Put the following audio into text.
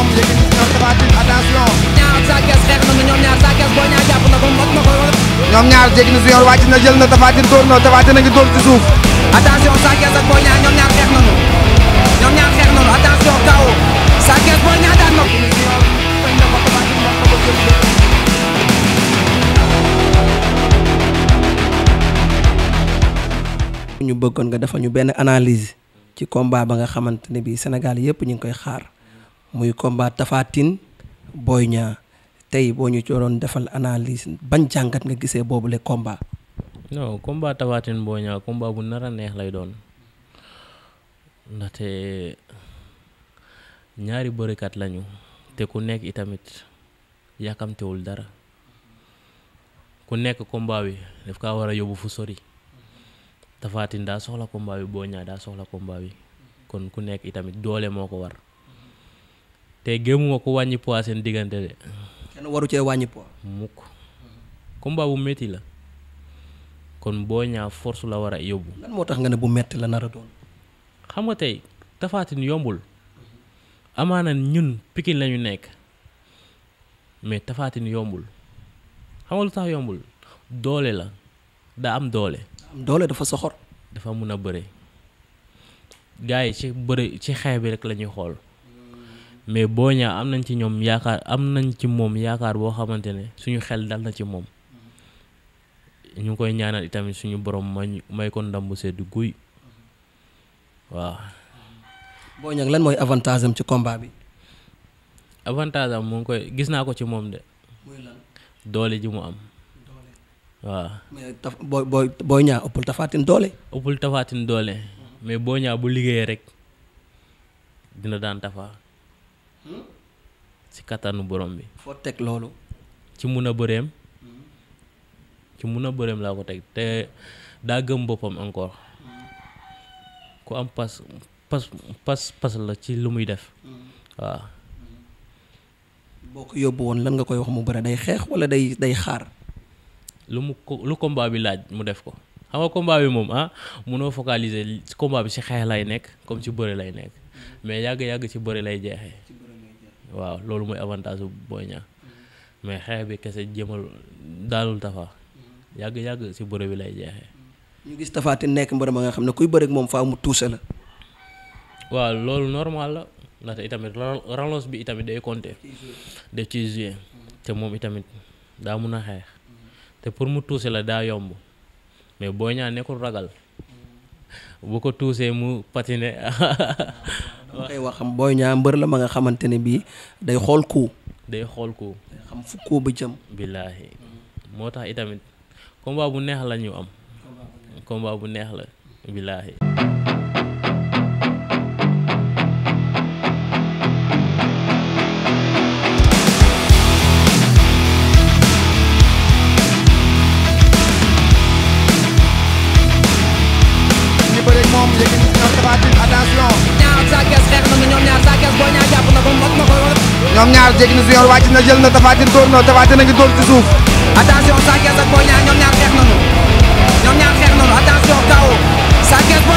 forme, ñaar xeex na ñoom ñaar Sa na ko ñoom ñaar jéggi na si ñoom ñaar xeex nañu ñoom ñaar xeex nañu attention kaw Sa Thiès Boy Niang daan na ñu bëggoon nga defal ñu benn analyse ci combat ba nga xamante ne bii Sénégal yëpp ñu ngi koy xaar muy combat Tapha Tine Boy tey boo ñu doon defal analyse ban jàngat nga gisee boobu combat. non combat Tapha Tine Boy Niang bu nar a neex lay doon ndaxte ñaari bërikat lañu te ku nekk itamit yàkkamtewul dara ku nekk combat bi daf kaa war a yóbbu fu sori Tapha Tine daa soxla combat bi Boy Niang daa soxla combat bi kon ku nekk itamit doole moo ko war. te gémmuma ko wàññi poids seen diggante de. waru cee wàññi poids. mukk combat bu metti la kon boo ñaa force la war a yóbbu. moo tax nga ne bu metti la nar a doon. xam nga tey tafaatin yombul amaana ñun pikin lañu nekk mais tafaatin yombul xam nga lu tax yombul doole la daa am doole. doole dafa soxor. dafa mun a bëre gars yi ci bëre ci xeex bi rek la ñuy xool. mais Boy Niang am nañ ci ñoom yaakaar am nañ ci moom yaakaar boo xamante ne suñu xel dal na ci moom ñu ngi koy ñaanal itamit suñu borom may may ko ndam bu sedd guy waaw. Boy Niang lan mooy avantage am ci combat bi. avantage am mu ngi koy gis naa ko ci moom de. doole ji mu am. waaw. mais taf booy booy Boy Niang ëppul tafaatin doole. ëppul tafaatin doole. Mhm. mais Boy Niang bu liggéeyee rek dina daan tafaa. Hmm? si kattanu borom bi. foo teg loolu. ci mun a bëreem. Hmm? ci mun a bëreem laa ko teg te daa gëm boppam encore hmm? ku am pas pas pas pas la ci lu muy def waaw. boo ko yóbbu woon lan nga koy wax mu bëre day xeex wala day day xaar. lu mu ko lu combat bi laaj mu def ko xam nga combat bi moom ah munoo focaliser combat bi ci xeex lay nekk comme ci bëre lay nekk mais yàgg yàgg ci bëre lay jeexee. waaw loolu mooy avantage bu mais xeex bi kese jëmal daalul Tapha yàgg yàgg si bëre bi lay jeexee. ñu gis Tapha Tine nekk mbër ma nga xam ne kuy bëre moom faaw mu tuuse la. waaw loolu normal la ndaxte itamit relance bi itamit day compter. def ci jouer mm-hmm. te moom itamit daa mun a xeex. Mm-hmm. te pour mu tuuse la daa yomb mais Boy Niang nekkul ragal. Mm-hmm. bu ko tuusee mu patiner koy wax xam booy ñaa mbër la ma nga xamante ne bii day xool ko day xool ko day xam fu ko ba billaahi moo tax itamit combat bu neex la am. combat bu neex la billaahi. ñoom ñaar jéggi na junior wàcc na jël na tafaatin dóor na tafaatin a ngi dóor suuf attention Sa Thiès ak Boy ñaar xeex nañu ñoom ñaar xeex nañu attention kaw Sa Thiès